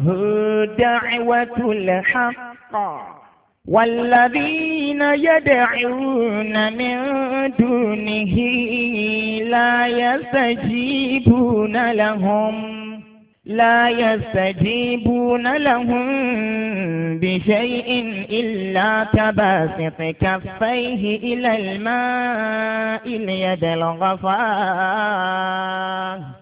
هو دعوة الحق والذين يدعون من دونه لا يستجيبون لهم لا يستجيبون لهم بشيء إلا كباسط كفيه إلى الماء ليدلغ فاه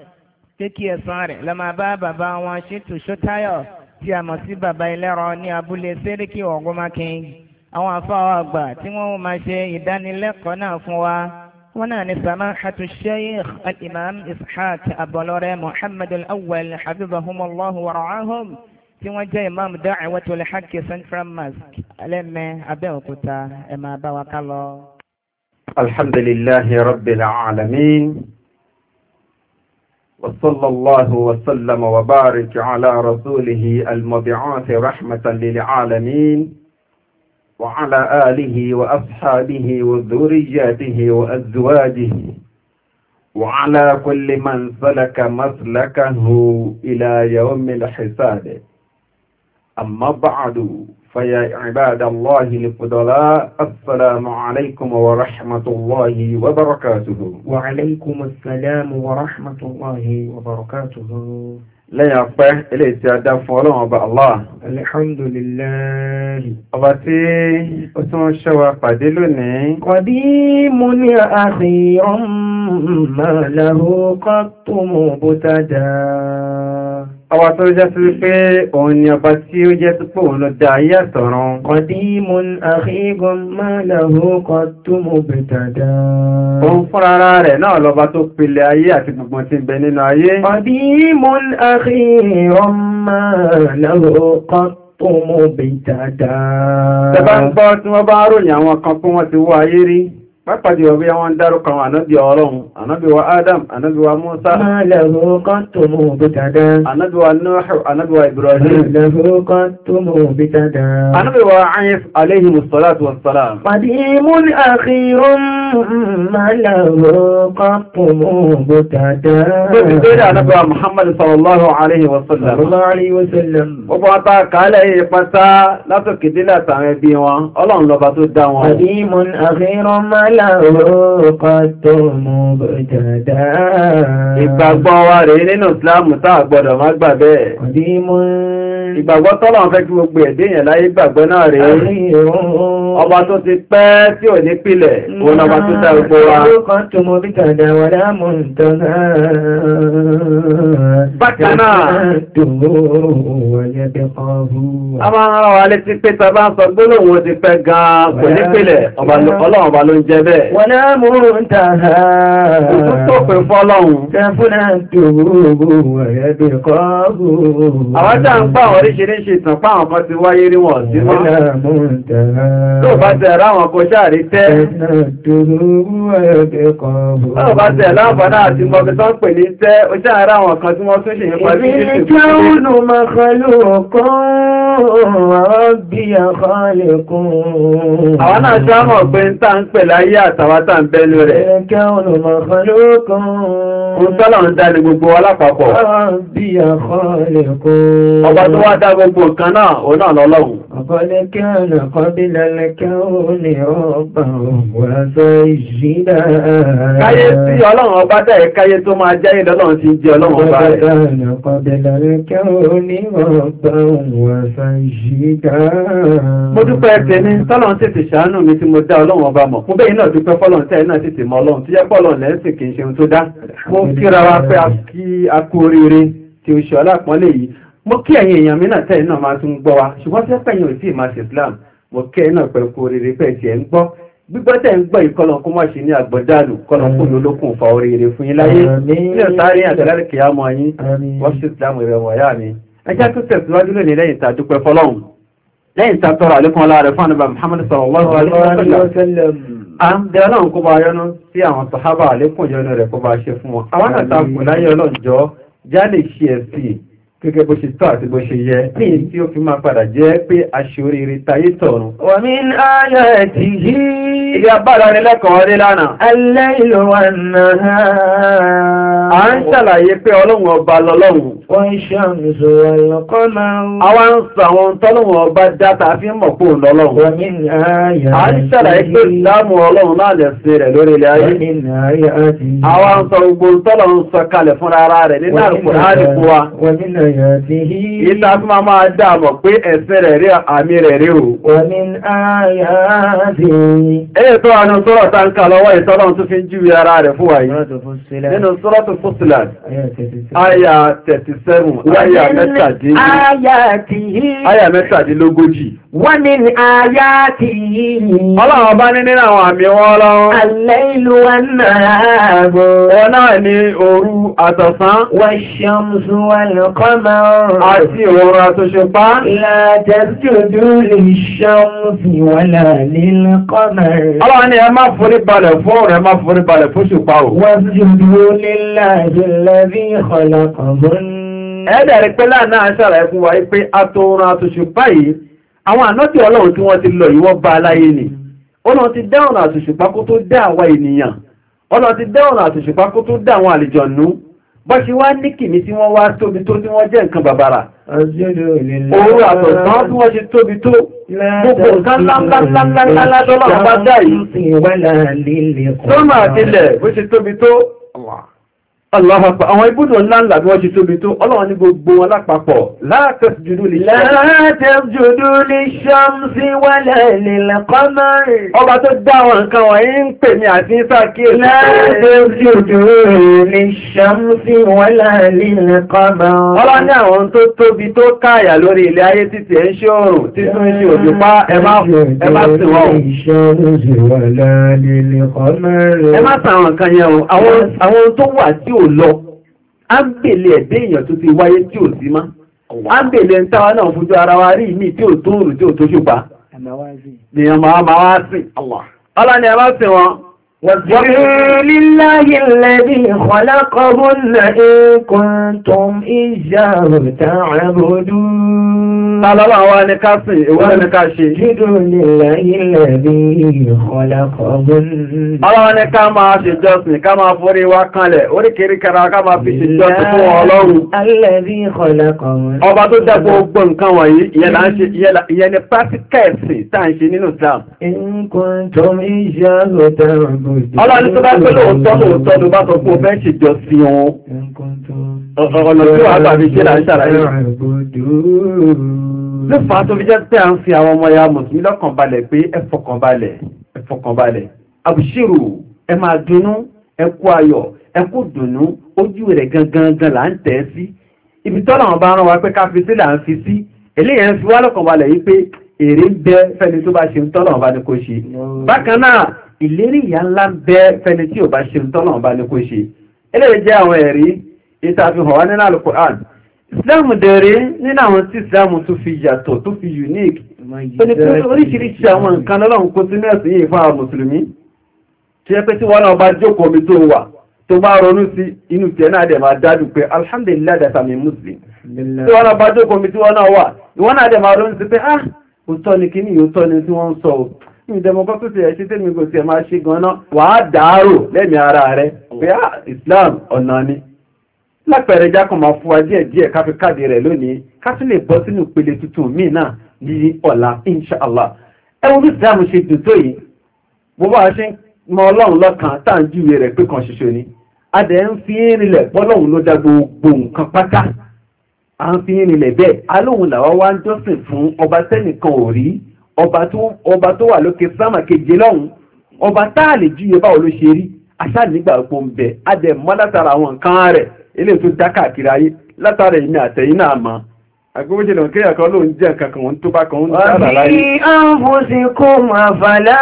pé kí ẹ̀san rẹ̀ lọ máa bá bàbá wọn ṣètò ṣótáyọ̀ tí a mọ̀ sí bàbá ẹlẹ́rọ ní abúlé sẹ́ríkì ọ̀gọ́mákin àwọn afáwọ̀ àgbà tí wọ́n máa ṣe ìdánilẹ́kọ̀ọ́ náà fún wa wọn náà ní samahatu sheikh al-imam ishaq abọlọrẹ muhammad al-awwal habibahumullahu warahum tí wọ́n jẹ́ imam da'watul haqq central mosque alẹ́mẹ́ abẹ́òkúta ẹ̀ máa bá wa ká lọ. rabbil alamin. وصلى الله وسلم وبارك على رسوله المبعوث رحمة للعالمين وعلى آله وأصحابه وذرياته وأزواجه وعلى كل من سلك مسلكه إلى يوم الحساب أما بعد فيا عباد الله الفضلاء السلام عليكم ورحمة الله وبركاته وعليكم السلام ورحمة الله وبركاته lẹ́yìn apẹ́ ilé tí a dá fún ọlọ́run ọba Allah. alhamdulilayi. ọba tí ó tún ṣe wa pàdé lónìí. kọ̀dí mo ní àfihàn máa lárúkọ tó mú bó dáadáa. Ọba tó jẹ́ sí wípé òun ni ọba tí ó jẹ́ sí pé òun ló dá ayé àtọ̀run. Qadimun akhigun máa lahu qaddumu bìtàdá. Òun fún ara rẹ̀ náà lọba tó pilẹ̀ ayé àti gbogbo tí bẹ nínú ayé. Qadimun akhigun máa lahu qaddumu Ọmọ bìtàdá. Tẹ́bá ń gbọ́ tí wọ́n bá ròyìn àwọn kan fún wọn ti wọ ayé rí pápàdé ọ̀bí àwọn dárúkan ànábí ọlọ́run ànábí wa adam ànábí wa musa lẹ́hùkán tó mú bí dada ànábí wa nuhu ànábí wa ibrahim lẹ́hùkán tó mú bí dada ànábí wa ayif aléhìmùsọ́lá Gbogbo àtà kàálẹ̀ ìpátá látòkè délé àtàwọn ẹbí wọn, ọlọ́run lọba tó dá wọn. Àdímùn àfihàn máa láwọ́ pàtó mú bọ̀dàdá. Ìgbàgbọ́ wa rèé nínú ìsìlámù táà gbọ́dọ̀ má gbà bẹ́ẹ̀. Àdímùn ìgbàgbọ́ tọ́lọ̀ ń fẹ́ kí gbogbo ẹ̀dẹ́ yẹn láyé gbàgbọ́ náà rẹ̀ ọba tó ti pẹ́ tí ò ní pìlẹ̀ òun ọba tó dá gbogbo wa bákan a máa rán wa létí pé ta bá ń sọ gbólóhùn ti pẹ́ gan kò ní pìlẹ̀ ọlọ́run ọba ló ń jẹ bẹ́ẹ̀ wọ́n náà mú ń ta ha oríṣiríṣi ìtàn páwọn kan ti wáyé rí sí wọ́n àwọn náà ṣe àmọ̀ pé ń tà ń pè láyé àtàwátà ń bẹ́nu rẹ̀ òun tọ́lọ̀ ń dá ní gbogbo alápapọ̀ ọba tó wá wá dá gbogbo nǹkan náà o náà lọ́lọ́run. Ọ̀gọ́lẹ́ kí ọ̀nà kan bí lẹ́lẹ́ kí ó lè ọba òwúrọ̀sọ ìṣídà. Káyé tí ọlọ́run ọba dẹ̀ káyé tó máa jáyé lọ́lọ́run ti jẹ́ ọlọ́run ọba rẹ̀. Ọ̀gọ́lẹ́ kan bí lẹ́lẹ́ kí ó lè ọba òwúrọ̀sọ ìṣídà. Mo dúpẹ́ tẹni tọ́lọ́run tètè ṣàánú mi tí mo dá ọlọ́run ọba mọ̀. Mo bẹ́yìn náà dúpẹ́ fọ́lọ́run tẹ́ náà tètè a kí a kú oríire tí mo kí ẹ̀yin èèyàn mi náà tẹ́yìn náà máa tún gbọ́ wa ṣùgbọ́n tí ẹ̀pẹ̀yìn ò tí ì Islam mo kí ẹ̀yin náà pẹ̀ kú oríire pẹ̀ tí ẹ̀ ń gbọ́ gbígbọ́ tẹ̀ ń gbọ́ yìí kọ́lọ̀ kó má ṣe ní àgbọ̀dálù kọ́lọ̀ kó olókùn fa oríire fún yín láyé nílẹ̀ sáré àtẹ̀lẹ́rì kìí àmọ́ yín wọ́n ṣe Islam rẹ̀ wọ̀yá mi ẹ jẹ́ tó tẹ̀síwájú lónìí lẹ́yìn tá a dúpẹ́ fọlọ́hún lẹ́yìn tá a tọrọ àlékún ọlá rẹ̀ fún àníbà Muhammad sallallahu alaihi wa sallam àǹdẹ̀ ọlọ́run kó bá yọ́nú sí àwọn sàhábà àlékún yọ́nú rẹ̀ kó bá ṣe ṣe ẹ̀sìn gẹ́gẹ́ bó ṣe tọ́ àti bó ṣe yẹ ní tí ó fi máa padà jẹ́ pé aṣoríire tayé tọ̀run. omi ayọ̀ ẹ̀tì yìí. ìdí abára rẹ lẹ́kọ̀ọ́ rí lánàá. alẹ́ ìlú wa náà. à ń ṣàlàyé pé ọlọ́run ọba lọ́lọ́run. Àwọn ń sọ àwọn tọ́lọ́wọ̀ ọba dáta fi ń mọ̀ kó lọ́lọ́wọ́. A ń ṣàlàyé pé ìdámù ọlọ́run náà lè ṣe rẹ̀ lórí ilẹ̀ ayé. Àwọn ń sọ gbogbo tọ́lọ̀ sọ kalẹ̀ fún ara rẹ̀ nínú àrùkù o. Ẹyẹ tó wà ní seven láyà mẹ́tàdínlógójì. Àyà mẹ́tàdínlógójì. Wọ́n ní ní àyà tì í. Ọlọ́run bá ní nínú àwọn àmì wọn ọlọ́run. Àlẹ́ ìlú wa náà ààbò. Wọ́n náà ní òru àtọ̀sán. Wọ́n ṣàmùsùn wà lọ́kọ́mọ́. Àti òru àtòṣùpá. Láàjẹ́ jòdú lè ṣàmùsùn wà lọ́kọ́mọ́. Ọlọ́run ni ẹ má forí balẹ̀ fún òru má forí balẹ̀ fún ṣùpá o. Wọ́n ṣàmùsùn lè láàjẹ́ lẹ́bí ìkọlọ́kọ̀ọ́ ẹ̀ẹ́dẹ̀rẹ̀ pé láàrín àṣàrà ẹkùn wa pé atòrun àtòṣù báyìí àwọn ànọ́tì ọlọ́run tí wọ́n ti lọ ìwọ́ bá aláyé ni ọlọ́run ti dáhùn àtòṣùpá kó tó dá àwa ènìyàn ọlọ́run ti dáhùn àtòṣùpá kó tó dá àwọn àlìjọ̀nú bọ́ ṣe wá ní kìíní tí wọ́n wá tóbi tó tí wọ́n jẹ́ nǹkan bàbàrà òru àtọ̀sán tí wọ́n ṣe tóbi tó gbogbo nǹkan ńláńláńláńlá tọ́lọ́run bá dá yìí sọ́mà àtilẹ̀ bó ṣe tóbi tó Allahapa àwọn ibùdó ńláńlá bí wọ́n ti tóbi tó ọlọ́wọ́n ní gbogbo wọn lápapọ̀ la tasjudu li shamsi. La tasjudu li shamsi wala lil qamari. Ọba tó dá wọn nǹkan wọ̀nyí ń pè ní àti ń La tasjudu li shamsi wala lil qamari. Ọlọ́ ní àwọn tó tóbi tó káàyà lórí ilé ayé títí ẹ̀ ń ṣe òrùn títún ṣe òjòpá ẹ má sì wọ́n. Ẹ má sàwọn nǹkan yẹn o, àwọn tó wà tí ò ò lọ á ń bèlè ẹ̀dẹ́ èèyàn tó ti wáyé tí ò sí má á ń bèlè ń táwa náà fojú ara wa rí mi tí ò tó òrùn tí ò tó ṣùpá nìyàn máa máa wá sìn ọlá ni a máa sìn wọn. Wàbílíláyé Tàlọ́lọ́ àwọn ẹni ká sìn, èwo ẹni ká ṣe. Jídò nílẹ̀ ilẹ̀ bí ìkọlẹ̀kọ̀gún. Ọlọ́run ẹni ká máa ṣe jọ́sìn, ká máa forí wá kanlẹ̀, oríkèrí kẹra ká máa fi ṣe jọ́sìn fún Ọlọ́run. Alẹ́ bí ìkọlẹ̀kọ̀gún. Ọba tó dá gbogbo nǹkan wọ̀nyí, ìyẹn ni pátíkẹ̀ẹ̀sì tá à ń ṣe nínú Islam. Ọlọ́run tó bá pẹ́ lóòótọ́ lóòótọ́ ló bá sọ pé o fẹ́ ṣèjọ́sìn òun. Ọ̀nà tí wàá gbà fi ṣe là ń ṣàlàyé ló fà á tó fi jẹ́ pé à ń fi àwọn ọmọ ya mùsùlùmí lọ́kànbalẹ̀ pé ẹ fọkànbalẹ̀ ẹ fọkànbalẹ̀ àbùṣírù ẹ máa dunnú ẹ kú ayọ̀ ẹ kú dùnnú ojú rẹ̀ gangan gan là ń tẹ̀ ẹ́ sí ibi tọ́lọ̀ wọn bá rán wa pé ká fi sí là ń fi sí eléyẹn ń fi wá lọ́kànbalẹ̀ yìí pé èrè ń bẹ fẹ́ni tó bá ṣe ń tọ́lọ̀ wọn bá ní kó ṣe bákan náà ìlérí ìyá ńlá ń bẹ fẹ́ni tí ò bá ṣe ń tọ́lọ̀ wọn bá ní kó ṣe eléyìí jẹ́ àwọn ẹ̀rí ìtàfihàn wa nínú àlùkò àdùn islam dẹ̀rẹ̀ nínú àwọn tí islam tó fi yàtọ̀ tó fi unique tó ní tó oríṣiríṣi àwọn nǹkan lọ́lọ́run kó sínú ẹ̀sìn yìí fún àwọn mùsùlùmí tí ẹ pé tí wọ́n bá jókòó mi tó wà tó bá ronú sí inú tiẹ̀ náà dẹ̀ máa dájú pé alhamdulillah that I'm a muslim tí wọ́n náà bá jókòó mi tí wọ́n wà ìwọ́n náà dẹ̀ máa ronú sí pé ah òótọ́ ni kíní òótọ́ ni tí wọ́n ń sọ ìdẹmọkọ́ tó ti ẹ̀ ṣe tẹ́mi kò sí ẹ̀ máa ṣe gan-an wàá dàárò lẹ́mìí ara rẹ̀ pé ah islam ọ̀nà ni lápẹẹrẹ jákàn máa fún wa díẹ̀ díẹ̀ ká fi káàdì rẹ̀ lónìí ká tún lè bọ́ sínú ìpele tuntun míì náà ní ọ̀la inṣàlá ẹwọ́n bí sàmù ṣe dùn tó yìí bó bá ṣe mọ ọlọ́run lọ́kàn tá à ń júwe rẹ̀ pé kan ṣoṣo ni a dẹ̀ ń fi ń rinlẹ̀ bọ́lọ́run ló dá gbogbo nǹkan pátá à ń fi ń rinlẹ̀ bẹ́ẹ̀ alóhùn làwa wá ń jọ́sìn fún ọba sẹ́nìkan ò rí ọba tó wà lókè sámà keje lọ́hùn ọba tá à lè júwe báwo ló ṣe rí aṣáà nígbà gbòǹbẹ̀ a dẹ̀ ilé tó dá káàkiri ayé látara ìmì àtẹ̀yìn náà mọ́ agbóhójẹ́ lọ kéyà kan lóun jẹ́ nǹkan kan tó bá kan ń dára láyé. wọ́n ní àǹfọ̀sìnkún àfàlà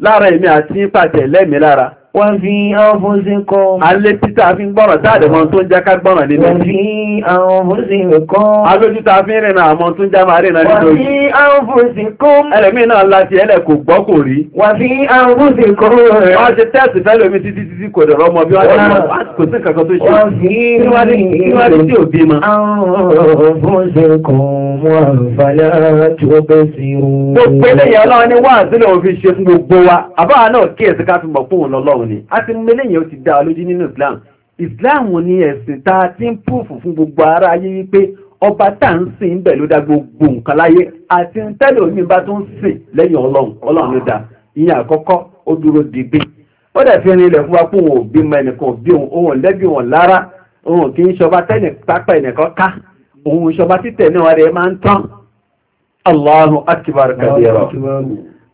lára èmi àti pàtẹ lẹ́mìí lára wọ́n fi ọ̀fúnsí kọ́. Alé títà fi ń gbọ́ràn táàdì mọ́ tó ń já ká gbọ́ràn nínú ojú. Wọ́n fi ọ̀fúnsí kọ́. Alójú ta fi ń rìnà àmọ́ tó ń já máa rìnà nínú ojú. Wọ́n fi ọ̀fúnsí kọ́. Ẹlẹ̀mí náà láti ẹlẹ̀ kò gbọ́ kò rí. Wọ́n fi ọ̀fúnsí kọ́. Wọ́n ṣe tẹ́ẹ̀sì fẹ́ lómi títí títí kò dọ̀rọ̀ ọmọ bí wọ́n báwo ni a ti mú eléyìí ó ti dá lójú nínú Islam Islam ni ẹ̀sìn tá a ti ń púfù fún gbogbo ara ayé wípé ọba tá ń sìn ń bẹ̀ ló dá gbogbo nǹkan láyé àti ń tẹ́lẹ̀ omi bá tó ń sìn lẹ́yìn ọlọ́run ọlọ́run ló dá ìyẹn àkọ́kọ́ ó dúró digbí ó dẹ̀ fi rinlẹ̀ fún wa pé òun ò bímọ ẹnìkan bí òun òun lẹ́bí wọn lára òun kì í ṣọba tẹ́nì pápá ẹnìkan ká òun ṣọba títẹ̀ náà rẹ̀ máa ń tán Allahu akbar kabira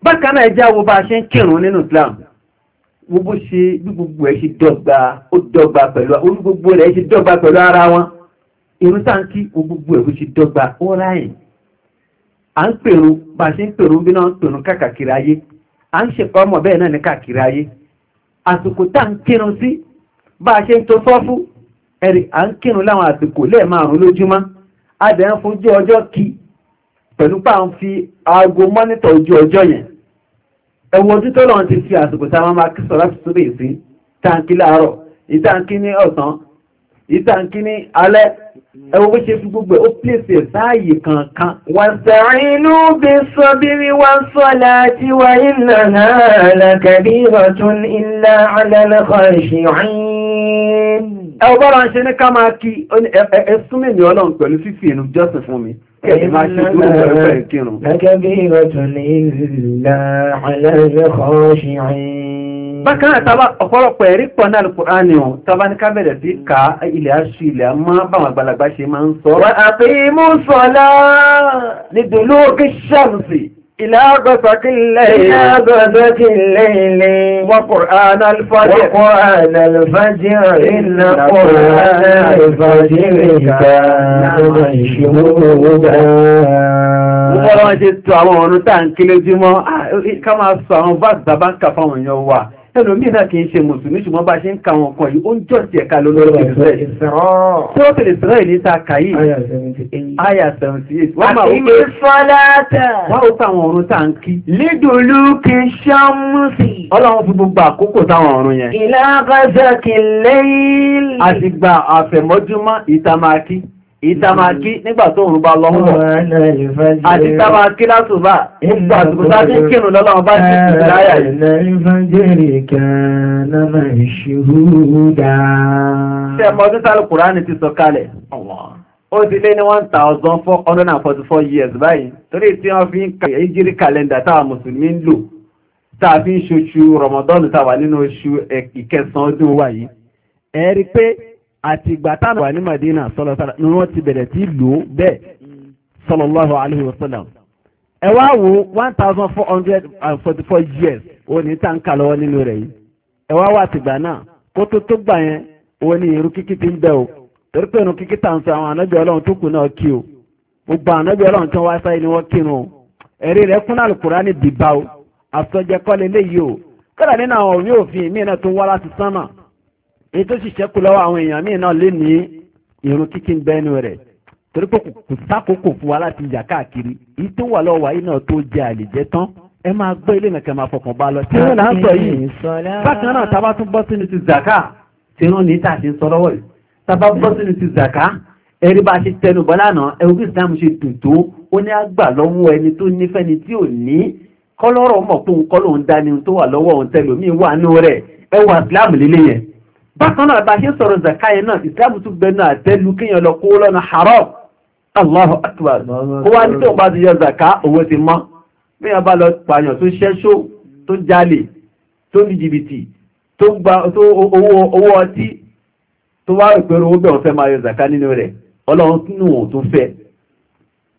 bákan náà ẹjẹ́ wo bá a ṣe ń kírun nínú Islam gbogbo ṣe bí gbogbo ẹ̀ ṣe dọ́gba ó dọ́gba pẹ̀lú orí gbogbo rẹ̀ ṣe ara wọn irun táǹkì gbogbo ṣe ó ráyìn à ń pèrò bá ṣe ń pèrò bí náà ń pèrò káàkiri ayé à ń ọmọ bẹ́ẹ̀ náà ní káàkiri ayé a ṣe ń tó sọ́fú ẹ̀rì à ń kírun láwọn àsìkò lẹ́ẹ̀márùn lójúmọ́ adẹ̀ ń fojú ọjọ́ kí pẹ̀lú aago mọ́nítọ̀ ẹwọ ojú tọ́lọ̀ ti fi àsìkò tá máa kí sọ̀rọ̀ tó sí tàǹkì láàárọ̀ ìtàǹkì ní ọ̀sán ìtàǹkì ní alẹ́ ẹwọ bó ṣe fi gbogbo ó pèsè sáàyè kankan. wà ilẹ̀ náà lákàbí ọ̀tún ilẹ̀ alẹ́lẹ́kọ̀ ìṣìyàn. ẹwọ Bákan náà tàbá ọ̀pọ̀lọpọ̀ ẹ̀rí pọ̀ náà Al-Kùránì ọ̀ tàbá ní kábẹ̀rẹ̀ sí ká ilẹ̀ aṣù ilẹ̀ máa báwọn àgbàlagbà ṣe máa ń sọ. Wà àfihì mú sọ̀lá ní dòlóògì ṣàmùsì. إلى غسق الليل إلى غسق الليل وقرآن الفجر وقرآن الفجر إن قرآن الفجر كان مشهودا Wọ́n rántí tó àwọn ọ̀run tá ń kí lójúmọ́, ah, ká máa sọ àwọn bá ìgbàbá ń kà fáwọn èèyàn wà ẹlòmíì náà kìí ṣe mùsùlùmí ṣùgbọ́n bá ṣe ń ka wọn kan yìí ó ń jọ sí ẹ̀ka lọ́lọ́rọ̀ ìsirẹ́lì sọ́ọ̀tì ìsirẹ́lì ní saka yìí àyà 78 wọ́n máa wípé wọ́n ó ká àwọn ọ̀run tá à ń kí. lídùúlù kì í ṣàmùsì. ọlọ́run fi gbogbo àkókò táwọn ọ̀run yẹn. ìlà àkọsẹ̀ kì í lẹ́yìn. àtìgbà àfẹ̀mọ́júmọ́ ìta máa ìtàmàkí nígbà tó òun bá lọ àti tàmàkí látùbà nígbà tó bá ti kírun lọ́lọ́wọ́ bá ti kìí láyà yìí. ṣe mọ́ títà lùkùránì ti sọ kalẹ̀ ó ti lé ní 1444 years báyìí torí tí wọ́n fi ń ka ìjírí kàlẹ́ndà táwa mùsùlùmí ń lò táà fi ń ṣoṣù rọmọdọ́nù táwa nínú oṣù ìkẹsàn-án ọdún wa yìí pé àti ìgbà táwọn wà Madina sọlọsọlọ ni wọ́n ti bẹ̀rẹ̀ ti lò ó alayhi wa sallam ẹ wo one thousand four hundred and forty four years òun n tàǹkà lọ́wọ́ nínú rẹ̀ yìí ẹ wá wá àtìgbà náà kó tó tó gbà yẹn o torí pé irun kíkí tàǹsọ àwọn anábì ọlọ́run tó kù náà kí o gbogbo anábì ọlọ́run tí wá sáyé ni wọ́n kírun o ẹ̀rí o o èyí tó sì lọ́wọ́ àwọn èèyàn míì náà lé ní irun kíkí ń bẹ́nu rẹ̀ torí pé kò sákòókò fún wa láti yà káàkiri èyí tó wà lọ́wọ́ yìí náà tó jẹ àlèjẹ́ tán ẹ máa gbọ́ ilé nìkan máa fọkàn bá lọ tí wọ́n náà ń sọ yìí bákan náà tá a bá tún bọ́ sínú ti zaka tí wọ́n ní tàṣí ń sọ lọ́wọ́ yìí tá a bá bọ́ sínú ti zaka ẹ̀rí bá a ṣe tẹnu bọ́ lánàá ẹ̀rú bí Islam ṣe dùn tó ó ní àgbà lọ́wọ́ ẹni tó nífẹ̀ẹ́ ni tí ò ní kọ́lọ́rọ̀ mọ̀ pé òun kọ́ lóun dání tó wà lọ́wọ́ òun tẹlómi wà nù rẹ̀ ẹwà Islam líle yẹn bákan náà bá ṣe sọ̀rọ̀ zakáyẹ náà ìsìláàmù tún bẹ náà tẹ́lú kíyàn lọ kó lọ́nà haram Allahu akbar kó wá ní tó bá ti yọ zaká owó ti mọ́ míyàn bá lọ pààyàn tó ṣẹ́ṣó tó jalè tó ní jìbìtì tó gba owó ọtí tó wá ìpẹ̀rọ owó bẹ̀rún fẹ́ máa yọ zaká nínú rẹ̀ ọlọ́run nù tó fẹ́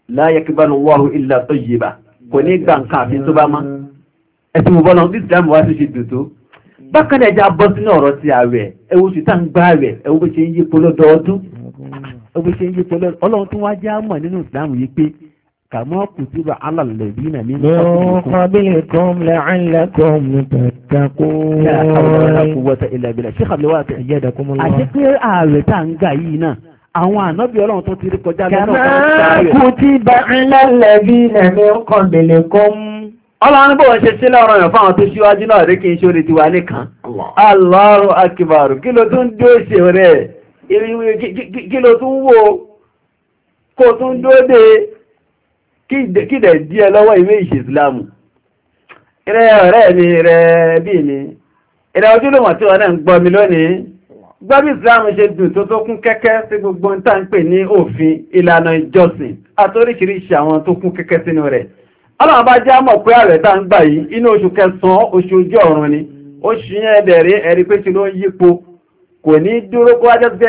la yakbalu Allahu illa tayyiba kò ní gbà nǹkan àfi tó bá mọ́ ẹ̀sìn mú bọ́lọ́ bákan náà já bọ́ sínú ọ̀rọ̀ sí ààrẹ ẹwọ́ sí tán gbá rẹ̀ ẹwọ́ bó ṣe ń yípo lọ́dọọdún ẹwọ́ ṣe ń yípo lọ́dọọdún ọlọ́run tó wá jẹ́ àmọ̀ nínú ìsìlámù yìí pé kàmọ́ kù sí wọ́n á tẹ̀ ẹ̀yẹ́ dẹ̀kún mọ́. àti pé ààrẹ tá àwọn ànábì ọlọ́run tó ti rí kọjá lọ́nà ọ̀pọ̀lọpọ̀. kàmọ́ kù sí wa alàlẹ́bí náà nínú ọ̀pọ̀lọpọ̀ ọlọ́run bọ̀ ṣe sílẹ̀ ọ̀rọ̀ yàn fáwọn tó ṣíwájú náà rí kí n ṣe orí tiwa nìkan Allahu akbar kí ló tún dúó ṣe rẹ̀ kí ló tún wò kó tún dúó dé kídẹ̀ díẹ̀ lọ́wọ́ ìwé ìṣe ìsìlámù rẹ̀ ọ̀rẹ́ mi rẹ̀ bí mi rẹ̀ ojúlùmọ̀ tí wọ́n náà ń gbọ́ mi lónìí gbọ́bí ìsìlámù ṣe dùn tó tó kún kẹ́kẹ́ sí gbogbo ń tà aláwọ̀ bá jẹ́ àmọ̀ pé ààrẹ tá ń gbà yìí inú oṣù kẹsàn-án oṣù ojú ọ̀run ni oṣù yẹn bẹ̀rẹ̀ ẹ̀rí pé tí ló ń yípo kò ní dúró kó wájọ́ pé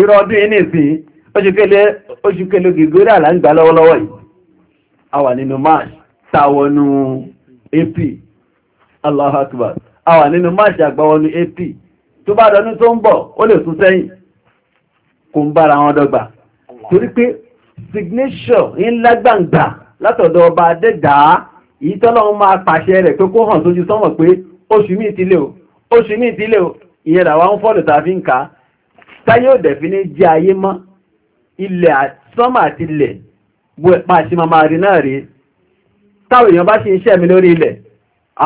ìrọ̀ ọdún yìí nìsín oṣù kele gègéré àlà ń gbà lọ́wọ́lọ́wọ́ yìí a wà nínú march táwọnú april Allahu Akbar a wà nínú march àgbàwọnú april tó bá dọdún tó ń bọ̀ ó lè tún sẹ́yìn kò ń bára wọn dọ́gba torí pé signature ń lágbàǹgbà látọ̀dọ̀ ọba adẹ́dàá èyí tọ́lọ́run máa pàṣẹ rẹ̀ pé kó hàn sójú sánmọ̀ pé oṣù míì ti lé o oṣù míì ti lé o ìyẹn làwa ń fọ́lù tá a fi ń ka táyé òdẹ̀ fi ní jẹ́ ayé mọ́ ilẹ̀ sánmà àti ilẹ̀ bó ẹ̀pá àti màmá rí náà rí táwọn èèyàn bá ṣe iṣẹ́ mi lórí ilẹ̀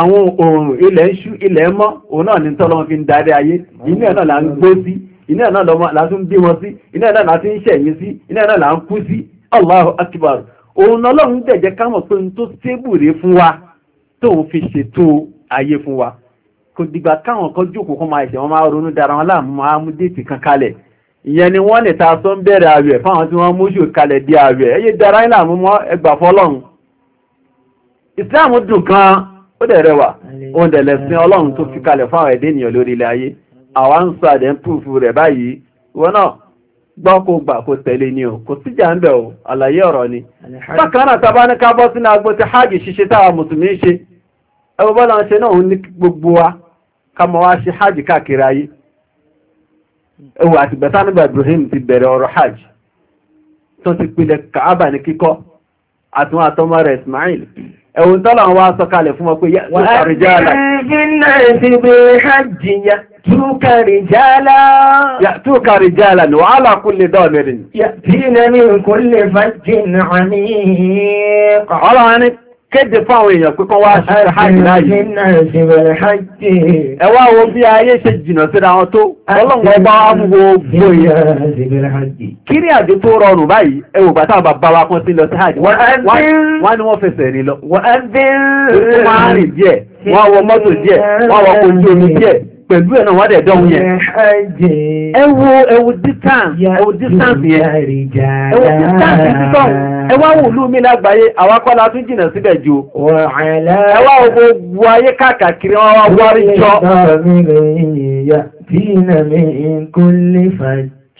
àwọn oòrùn ilẹ̀ ń ṣú ilẹ̀ mọ́ òun náà ní tọ́lọ́run fi ń darí ayé inú ẹ̀ náà là ń gbó sí inú ẹ̀ náà là tún bí wọn sí inú ẹ̀ náà là ń ṣẹ̀yìn sí inú ẹ̀ náà là ń kú sí Allahu Akbar òun ọlọ́run dẹ̀jẹ́ ká mọ̀ pé n tó tébùrè fún wa tóun fi ṣètò ayé fún wa kò dìgbà káwọn kan jókòó kan máa ẹ̀ṣẹ̀ wọn máa ronú dára wọn láàmú máa mú déètì kan kalẹ̀ ìyẹn ni wọ́n lè ta sọ ń bẹ̀rẹ̀ àwẹ̀ fáwọn tí wọ́n mójú kalẹ̀ di àwẹ̀ ẹyẹ dára ní làmú mọ́ ẹgbà fọlọ́run ìsìláàmù dùn kan ó dẹ̀ rẹwà òun dẹ̀ lẹ̀sìn ọlọ́run tó fi kalẹ̀ fáwọn ẹ̀dẹ́ ènìyàn lórí ilẹ̀ ayé àwa ń sọ àdẹ́ńpùfù rẹ̀ báyìí wọn náà gbọ́ kó gbà tẹ̀lé ni o kò síjà ń bẹ̀ o àlàyé ọ̀rọ̀ ni bákanáà tàbá ní ká bọ́ sínú agbó hajj ṣiṣẹ́ táwa mùsùlùmí ṣe bọ́lá ń ṣe náà ní gbogbo wa ká mọ́ ṣe hajj káàkiri ayé ewu àti Ibrahim ti bẹ̀rẹ̀ ọ̀rọ̀ hajj tó ti Kaaba ní kíkọ́ àtọmọ Ismail wa sọ kalẹ̀ fún pé بالناس بالحج يأتوك رجالا يأتوك رجالا وعلى كل ضامر يأتين من كل فج عميق على kéde fáwọn èèyàn pípọ́ wá ṣe hajj láyé. ẹ wá wo bí ayé ṣe jìnà síra wọn tó ọlọ́run bá wá wo gbogbo èèyàn. kírí àjò tó rọrùn báyìí ẹ wò bàtà bàbá wa kan sí lọ sí hajj wọ́n ní wọ́n fẹsẹ̀ rìn lọ. wọ́n á dín. ó tún máa wọ́n wọ mọ́tò díẹ̀ wọ́n wọ ojú omi díẹ̀ pẹ̀lú ẹ̀ náà wọ́n dẹ̀ dánwò yẹn ẹ wo ẹ wo distance ẹ wo distance yẹn ẹ wo distance yẹn títọ́ ẹ wá wò lú mi lágbàáyé àwa kọ́ la tún jìnnà síbẹ̀ jù ẹ wá wo gbogbo ayé káàkiri wọn wá wárí jọ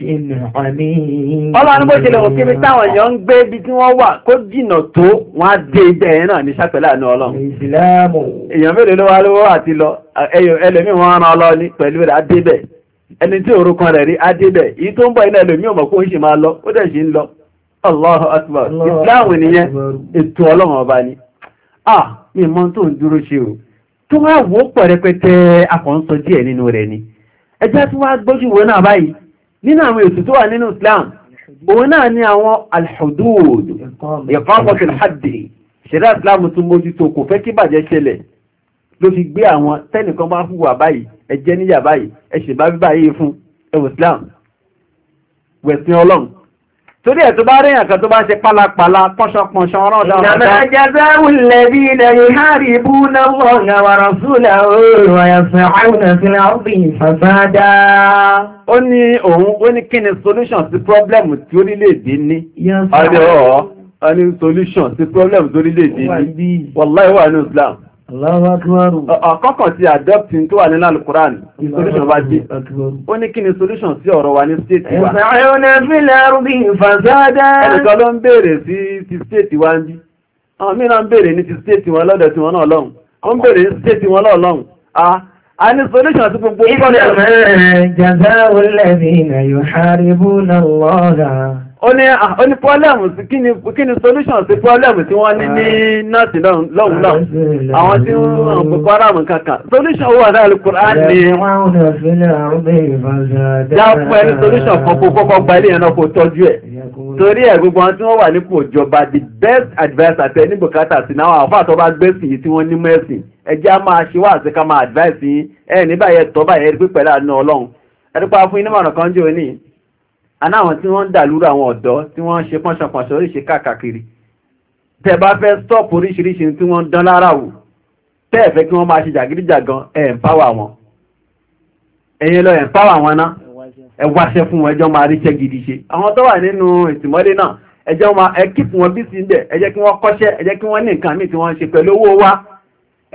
ọlọ́run bó ṣẹlẹ̀ òkè mi táwọn èèyàn ń gbé ibi tí wọ́n wà kó jìnà tó wọ́n á dé ibẹ̀ yẹn náà ní sápẹ́lá àánú ọlọ́run èèyàn mélòó ló wá lówó àti lọ ẹlòmíì wọn rán ọlọ́ ní pẹ̀lú rẹ̀ á ẹni tí òrukàn rẹ̀ rí á débẹ̀ tó ń bọ̀ iná ẹlòmíì ò mọ̀ kó ń ṣe máa lọ ó dẹ̀ ṣe ń lọ Allahu Akbar Islam nìyẹn ètò ọlọ́run ọba ni ah mi mọ tó ń gbójú wo náà báyìí nínú àwọn èsì tó wà nínú Islam òun náà ni àwọn alhudud ìfáfọ́sí alhadi ṣẹ̀dá Islam tún mójútó kò fẹ́ kí bàjẹ́ ṣẹlẹ̀ ló fi gbé àwọn tẹ́nìkan bá fún wà báyìí ẹjẹ́ níyà báyìí ẹṣẹ̀ bá bí báyìí fún ẹwọ̀ Islam wẹ̀sìn ọlọ́run torí ẹ̀ tó bá ríyàn kan tó bá ṣe pálapàla pọ́ṣọpọ̀ṣọ ọ̀rọ̀ dáadáa. ìlànà jẹ́sẹ́ wùlẹ̀ bí ilẹ̀ yìí hàrí bú náà wọ̀nyà wàrà súlẹ̀ oòrùn ẹ̀sìn àrùn ẹ̀sìn àrùbí ìfàsáadá. ó ní òun ó ní kí ni solution sí problem tí orílẹ̀-èdè ní. ọ̀rẹ́ ọ̀ ọ́ ní solution sí problem tí orílẹ̀-èdè ní. wàláì wà ní Islam. Ọkọ̀kọ̀ ti adopting tó wà nínú Al-Quran, ní solution bá jí. Ó ní kí ni solution sí ọ̀rọ̀ wa ní state wa? Ẹ̀sàrún ẹ̀fílẹ̀ rúbí ìfàzádá. Ẹnìkan ló ń béèrè sí ti state wa ń bí. Àwọn mìíràn ń béèrè ní ti state wọn lọ́dọ̀ tí wọn náà lọ́hùn. Ó ń béèrè ní state wọn náà lọ́hùn. A ní solution sí gbogbo. Ìgbọ̀n ó ní ah, pọ́lẹ̀mù sí kí ni solution sí pọ́lẹ̀mù tí wọ́n ní ní náàtì lọ́hùn lọ́hùn àwọn tí wọ́n ń pẹ̀kọ́ ara kankan solution wà náà Al-Qur'an ní já pẹ̀lú solution kan kó kọ́kọ́ gba ilé ẹ̀nà kó tọ́jú ẹ̀ torí ẹ̀ gbogbo wọn tí wọ́n wà nípò ìjọba the best advice tẹ ní bùkátà sí náà àwọn àfáàtọ́ bá gbẹ́sìn yìí tí wọ́n ní mẹ́sìn ẹjẹ́ á máa ṣe wá àti ká máa advice yín ẹ̀ nígbà yẹn tọ́ báyẹn rí pípẹ́ láàánú Ọlọ́run ẹ̀rípa fún iná mọ̀ràn kan jò ní anáwọn tí wọ́n ń dàlúrú àwọn ọ̀dọ́ tí wọ́n ń ṣe pọ́nṣọpọ̀ṣọ oríṣi káàkiri tẹ́ bá fẹ́ stọ́ọ̀pù oríṣiríṣi tí wọ́n ń dán lára wò tẹ́ ẹ̀ fẹ́ kí wọ́n máa ṣe jàgídíjàgan ẹ̀ ń páwà wọn ẹ̀yin lọ ẹ̀ ń páwà wọn ná ẹ wáṣẹ́ fún wọn ẹjọ́ máa ríṣẹ́ gidi ṣe àwọn tó wà nínú ìtìmọ́lé náà ẹjọ́ máa ẹ kíkùn wọn bí sí ń bẹ̀ ẹ kí wọ́n kọ́ṣẹ́ ẹ kí wọ́n ní nǹkan míì tí wọ́n ń ṣe pẹ̀lú owó wa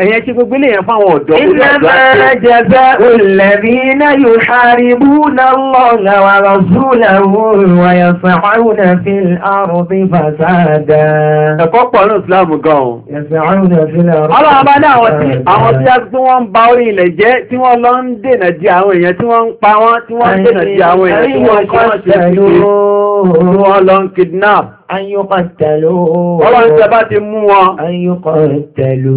ẹ̀yẹn tí gbogbo ilé yẹn fáwọn ọ̀dọ́ Innama jaza'ul ladhina yuharibuna Allaha wa rasulahu wa yas'una fil ardi fasada. ẹ̀kọ́ pọ̀ ní ìsìlámù gan-an. yas'una ní àwọn tí àwọn tí wọ́n ń ba orí ilẹ̀ jẹ́ tí wọ́n lọ ń dènà di àwọn èèyàn tí wọ́n ń pa wọ́n tí wọ́n ń dènà di àwọn èèyàn tí wọ́n kọ́ Ayúkọ̀tẹ̀lú. Ọlọ́run tẹ bá ti mú wọn. Ayúkọ̀tẹ̀lú.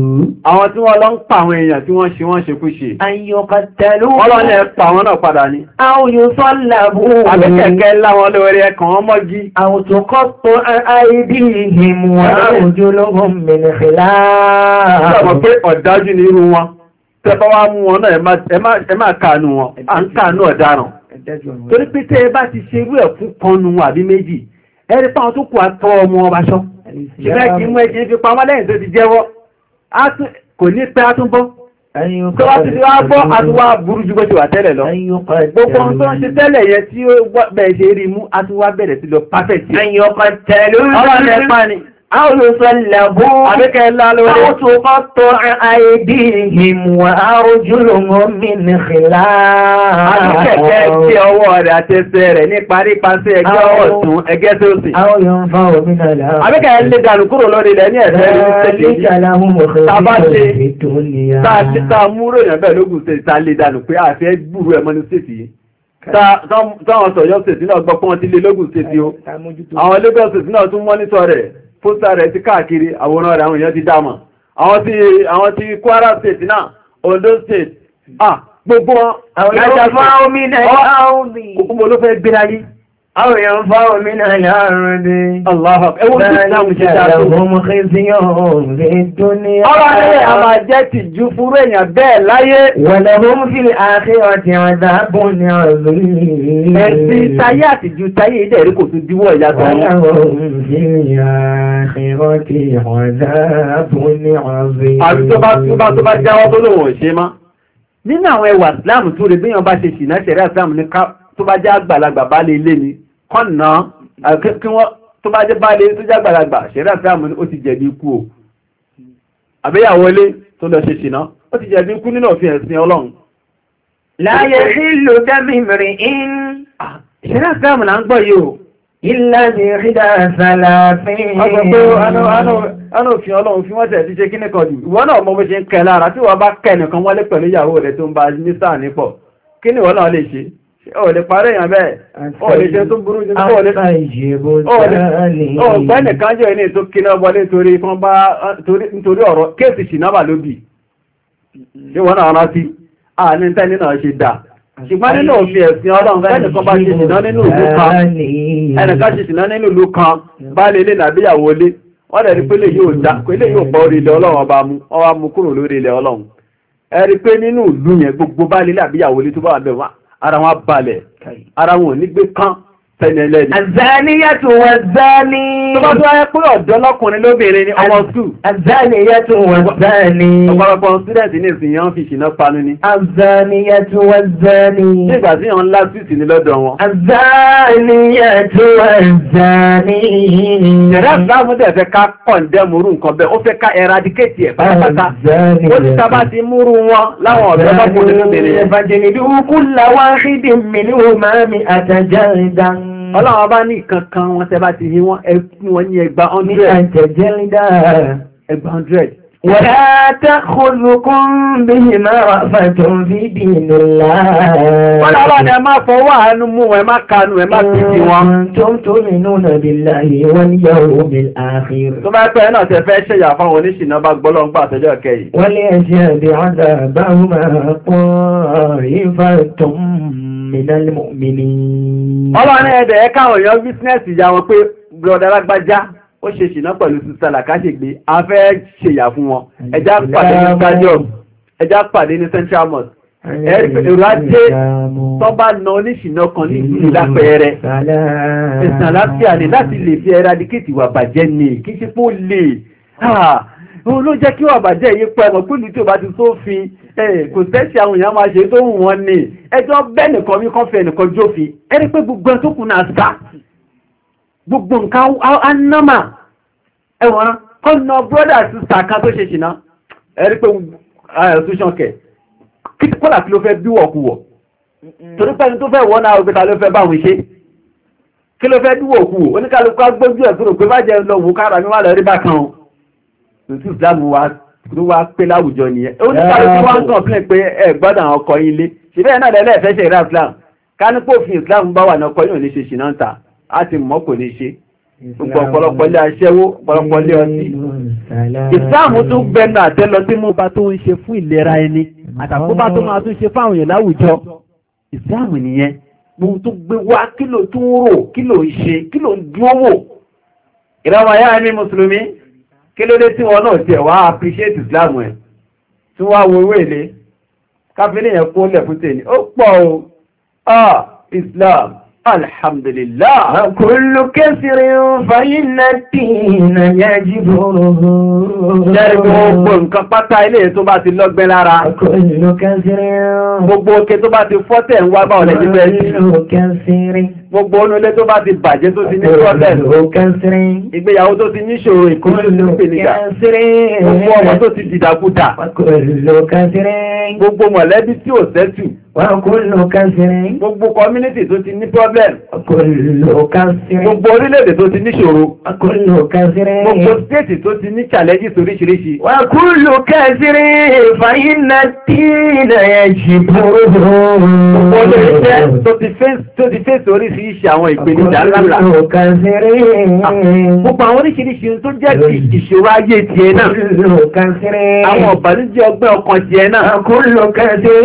Àwọn tí wọ́n lọ ń pa àwọn èèyàn tí wọ́n ṣe wọ́n ṣe kúṣe. Ayúkọ̀tẹ̀lú. Ọlọ́run ẹ pa àwọn náà padà ni. Àwòyò sọ́làbù. Àbẹ́kẹ̀kẹ́ láwọn lórí ẹkàn wọn mọ́gí. Àwòtòkọ́tò àìdí ìhìmù àwùjọ lọ́gùn mìnìfìlá. Ṣọ́mọ̀ ni irú wọn. Tẹ́bá wá mú wọn náà ẹ máa kàánú wọn. À ń kàánú ọ̀daràn. Torí pé tẹ́ ẹ bá ti ẹ̀rí pàwọn tó kù àtọ́ ọmọ ọba ṣọ́ ṣùgbẹ́ kí mú ẹjì fi pamọ́ lẹ́yìn tó ti jẹ́wọ́ kò ní pẹ́ àtúnbọ́ tó wá ti wá bọ́ àtúwá burú jù gbọ́jọ́ àtẹ́lẹ̀ lọ gbogbo ohun tó ń ṣe tẹ́lẹ̀ yẹ tí ó bẹ̀ẹ̀ ṣe rí mú àtúwá bẹ̀rẹ̀ sí lọ pàfẹ́ Àrùsọ̀lẹ̀bú àtúkọ́ tó àìdí ìmú àrójúlò mọ́mìnì ìlà. Àríkẹ̀kẹ́ tí ọwọ́ rẹ̀ àti ẹsẹ̀ rẹ̀ nípa nípa sí ọ̀tún ẹgbẹ́ tó sì. Àwọn yóò ń fa òmìnà láàá. Àríkẹ̀ lè dànù kúrò lórí ilẹ̀ ní ẹ̀fẹ́ ìrìnṣẹ́lẹ̀. Táwọn sọ̀yọ́ sètí náà gbọ́ pọ́n ti lé lógún sètí o. Àwọn lógún sètí náà tún mọ́nítọ̀ rẹ̀. pósítà rẹ̀ ti káàkiri àwòrán rẹ̀ àwọn èèyàn ti dámọ̀ àwọn ti Kwara State náà Ondo State ah gbogbo wọn àwọn ìlàjà fún omi náà أو ينفع من الأرض الله فلهم خزي في الدنيا ọ̀rọ̀ àmà jẹ́ tìjú fúrú èèyàn bẹ́ẹ̀ láyé ولهم في الآخرة عذاب عظيم ẹ̀sí táyé àtìjú táyé ìdẹ̀rí kò tún díwọ̀ ìyàtọ̀ ولهم في الآخرة عذاب عظيم àbí tó bá tó bá tó bá jáwọ́ tó lòun ò ṣe má nínú àwọn ẹwà Islam tó rẹ̀ bí yàn bá ṣe ṣìnà ṣẹ̀rẹ́ Islam ní ká tó bá jẹ́ àgbàlagbà bá lè lé ni kọ́nà kí wọ́n tó bá jẹ́ báyìí tó jẹ́ àgbàlagbà ṣẹ̀rẹ́ àfẹ́hàmù ó ti jẹ̀bi ikú o àbẹ́yàwó ilé tó lọ ṣe ṣìná ó ti jẹ̀bi ikú nínú òfin ẹ̀sìn ọlọ́run láyé sílò dámìmìrì in ṣẹ̀rẹ́ àfẹ́hàmù là ń gbọ́ yìí o ilẹ̀ ọ̀lẹ́ parẹ́ èèyàn bẹ́ẹ̀ ọ̀lẹ́ jẹ́ tó burú jẹ́ ọ̀gbẹ́nì kan jẹ́ ẹni tó kíná wọlé torí kan bá nítorí ọ̀rọ̀ kéèsì ṣìnábà ló bì ṣé wọ́n náà rántí àní tẹ́ni náà ṣe dà ṣùgbọ́n nínú òfin ẹ̀sìn ọlọ́run fẹ́nìkan bá ṣe ṣìná nínú ìlú kan ẹnìkan nínú ìlú kan bá nàbíyàwó lé wọ́n ara wọn balẹ̀ ara wọn ò kán tẹ́ni ẹlẹ́ni. Àzániyàtù wà záni. Tó bá tó wáyé pé ọ̀dọ́ lọ́kùnrin lóbìnrin ni ọmọ skul. Àzániyàtù wà záni. Ọ̀pọ̀lọpọ̀ sídẹ̀ntì ní ìsìn yẹn ń fi ìṣìná panu ni. Àzániyàtù wà záni. Ṣé ìgbà tí yẹn ń lá síìtì ní lọ́dọ̀ wọn? Àzániyàtù wà záni. Yàrá ìsìláàmù dẹ̀ fẹ́ ká kọ̀ǹdẹ́mù rú nǹkan bẹ́ẹ̀, ó fẹ́ ká eradicate ẹ̀ pátápátá. Ó ti sábà ti múrú wọn láwọn ọ̀dọ́ lọ́kùnrin lóbìnrin. Ìbàjẹ́ nìdú kúlà wáhídì mi ní òun máa mi àtàjà ìdáná. Hmm. ọlọ́wọ́ bá ní kankan wọn tẹ́ bá ti yí wọn wọn ní ẹgbà 100 ní àjẹjẹ́ lídà ẹgbà 100 wọ́lá tẹ́kùnlùkún bí i mẹ́rọ fẹ̀tún fídí wọ́n lọ́wọ́ ni ẹ máa fọwọ́ àánú mú ẹ máa kanú ẹ máa fi ti wọn tó ń tó mi nù nà láyé wọ́n ní yà ó mi tó bá pẹ́ náà tẹ fẹ́ ṣẹ̀yà fáwọn oníṣìná bá gbọ́lọ́ ń gbà àtẹ́jọ́ kẹyìn wọ́n lé Mm. ọlọ́run ẹ̀dẹ̀ ẹ káwọn èèyàn bísínẹ́sì ìyá wọn pé brọ̀dá lágbájá ó ṣe ṣìnà pẹ̀lú sísá làkàṣègbè a fẹ́ ṣèyà fún wọn ẹja pàdé ní stadium ẹja pàdé ní central mosque ẹ̀rọ ajé tọ́ba na oníṣìnà kan ní ìlà pẹ̀ẹ́rẹ́ ìsàn àlàáfíà ni láti lè fi eradicate ìwà bàjẹ́ ni kí ṣe pé ó lè òun ah, ló jẹ́ kí wà bàjẹ́ yìí pẹ́ mọ̀ pé ìlú tí ò bá ti sófin kò tẹ́sí àwọn èèyàn máa ṣe tó wù wọ́n ní ẹjọ́ bẹ́ẹ̀ nìkan wí kọ́ fẹ́ nìkan jófin ẹni pé gbogbo tó kù náà sá gbogbo nǹkan anọ́mà ẹ̀wọ̀n kọ́ na brọ́dà sísà kan tó ṣe ṣìná ẹni pé ẹ̀sùn kẹ̀ kọ́là kí ló fẹ́ bí wọ̀ kú wọ̀ torí pẹ́ni tó fẹ́ wọ́n náà rò pé ta ló fẹ́ báwọn ṣe kí ló fẹ́ dúwọ̀ kú oníkálukú agbójú ẹ̀ kúrò pé bá jẹ́ lọ wò kára mi wà lọ rí bákan o ló wá pé láwùjọ nìyẹn ó ní káàkiri tí wọ́n ń kọ̀ọ̀pín pé ẹ gbọ́dọ̀ àwọn ọkọ̀ yín lé ṣìbẹ́ náà lẹ́lẹ́ fẹ́ ṣe ìrà Islam kánípò òfin Islam bá wà ní ọkọ̀ yóò ní ṣe ṣìnà ta á ti mọ̀ kò ní ṣe gbogbo ọ̀pọ̀lọpọ̀ ilé aṣẹ́wó ọ̀pọ̀lọpọ̀ ilé ọtí Islam tún gbẹnu àtẹ́ lọ sí mú bá tó ń ṣe fún ìlera ẹni àtàkóbá tó máa tún ṣe fáwọn èèyàn láwùjọ Islam nìyẹn mo tún gbé wá kí ló tún rò kí ló ń ṣe kí ló ń dúró wò ìràwọ̀ ayá mi mùsùlùmí kí ló dé tí wọn náà tiẹ̀ wá appreciate Islam ẹ̀ tí wọ́n á wo owó èlé káfílẹ̀ yẹn kó lẹ̀ fún tèmi ó pọ̀ o ah Islam alhamdulillah. kullu kẹsìrin fàyínà tìǹà yẹ jìbò. jẹ́rìí gbogbo nǹkan pátá ilé tó bá ti lọ́gbẹ́ lára. kullu kẹsìrin. gbogbo oke tó bá ti fọ́tẹ̀ ń wá báwọn lẹ́yìn bẹ́ẹ̀ sí. kullu kẹsìrin gbogbo ọ̀nà ilé tó bá ti bàjẹ́ tó ti ní problem ìgbéyàwó tó ti níṣòro ìkúnlẹ̀ gbogbo ọmọ tó ti dìdàkudà gbogbo mọ̀lẹ́bí tí ò sẹ́tù gbogbo community tó ti ní problem gbogbo orílẹ̀-èdè tó ti níṣòro gbogbo state tó ti ní challenges oríṣiríṣi. wà á kú tí ìnà ẹ̀jì bòrò. gbogbo olóyè tó ti fèsì oríṣiríṣi oríṣiríṣi àwọn ìpèníjà ńláńlá. Ah, gbogbo àwọn oríṣiríṣi tó jẹ́ ìṣòro ayé tiẹ̀ náà. Àwọn ọ̀bàlújẹ́ ọgbẹ́ ọkàn tiẹ̀ náà. Kúlò kẹsẹ̀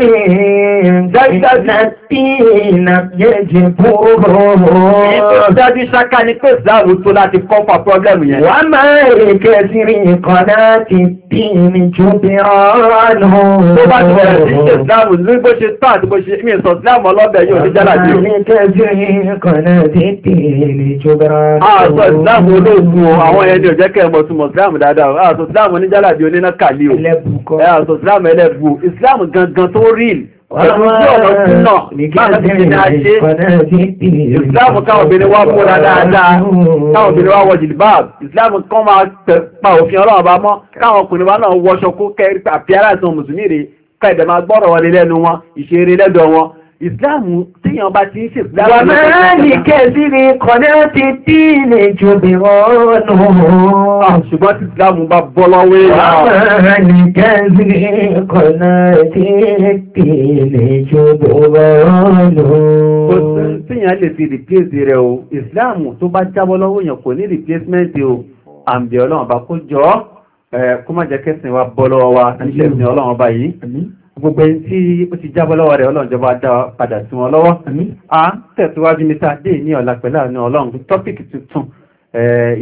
ni pé ìsáàrù tó láti kọ́pà pọ́blẹ́mù yẹn. Wà máa rè kẹsìrì ìkọ̀dá ti bí ní jù bí ọ̀rọ̀ Tó bá ti bẹ̀rẹ̀ sí ìsáàrù ní bó ṣe tó àti bó ṣe mí sọ̀síláàmù ọlọ́bẹ̀ yóò ní jálàjì. Wà máa rè kẹsìrì قنا في الدين جبران آه اسلام olóògùn o àwọn ẹni ọ̀jẹ́kẹ́ ẹmọ túnmọ̀ islam dáadáa o ààtò islam oníjàlàbí oníná kàlí o ààtò islam ẹlẹ́bù islam gangan tó rí Ìsìláàmù káwọn obìnrin wá múra dáadáa, káwọn obìnrin wá wọ jìlìbáàbù, Ìsìláàmù kan máa pa òfin ọlọ́run bá mọ́, káwọn ọkùnrin wá náà wọṣọ kó kẹ́ àpíárà ìsan mùsùlùmí rèé, ká ìdẹ̀mà gbọ́rọ̀ wọlé lẹ́nu wọn, ìṣeré lẹ́dọ̀ wọn, ìsìláàmù tíyàn bá ti ń ṣe ìsìláàmù. wà máa ní kẹ́sìrì kọ̀dẹ́ ti tí ilé jòbí ọ̀nà. ṣùgbọ́n tí ìsìláàmù bá bọ́ lọ́wọ́ èèyàn. wà máa ní kẹ́sìrì kọ̀dẹ́ ti tí ilé jòbí ọ̀nà. kò sí tíyàn lè fi rìpléṣì rẹ̀ o ìsìláàmù tó bá jábọ́ lọ́wọ́ èèyàn o àǹbẹ̀ gbogbo ẹni tí ó ti jábọ́ lọ́wọ́ rẹ̀ ọlọ́njọba dá padà sí wọn lọ́wọ́ a ń tẹ̀síwájú mítà dé ní ọ̀la pẹ̀lú àánú ọlọ́run tọ́pìkì tuntun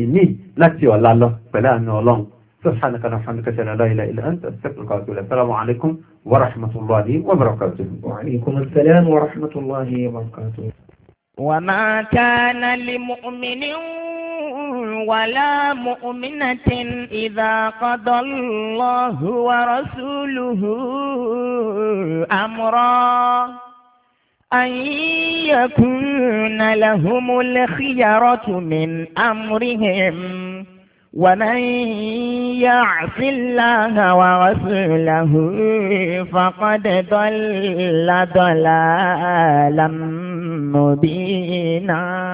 ìní láti ọ̀la lọ pẹ̀lú àánú ọlọ́run سبحانك اللهم وبحمدك اشهد ان لا اله الا انت استغفرك واتوب اليك السلام عليكم ورحمه الله وبركاته وعليكم السلام ورحمه الله وبركاته وما كان لمؤمن ولا مؤمنة إذا قضى الله ورسوله أمرا أن يكون لهم الخيرة من أمرهم ومن يعص الله ورسوله فقد ضل ضلالا مبينا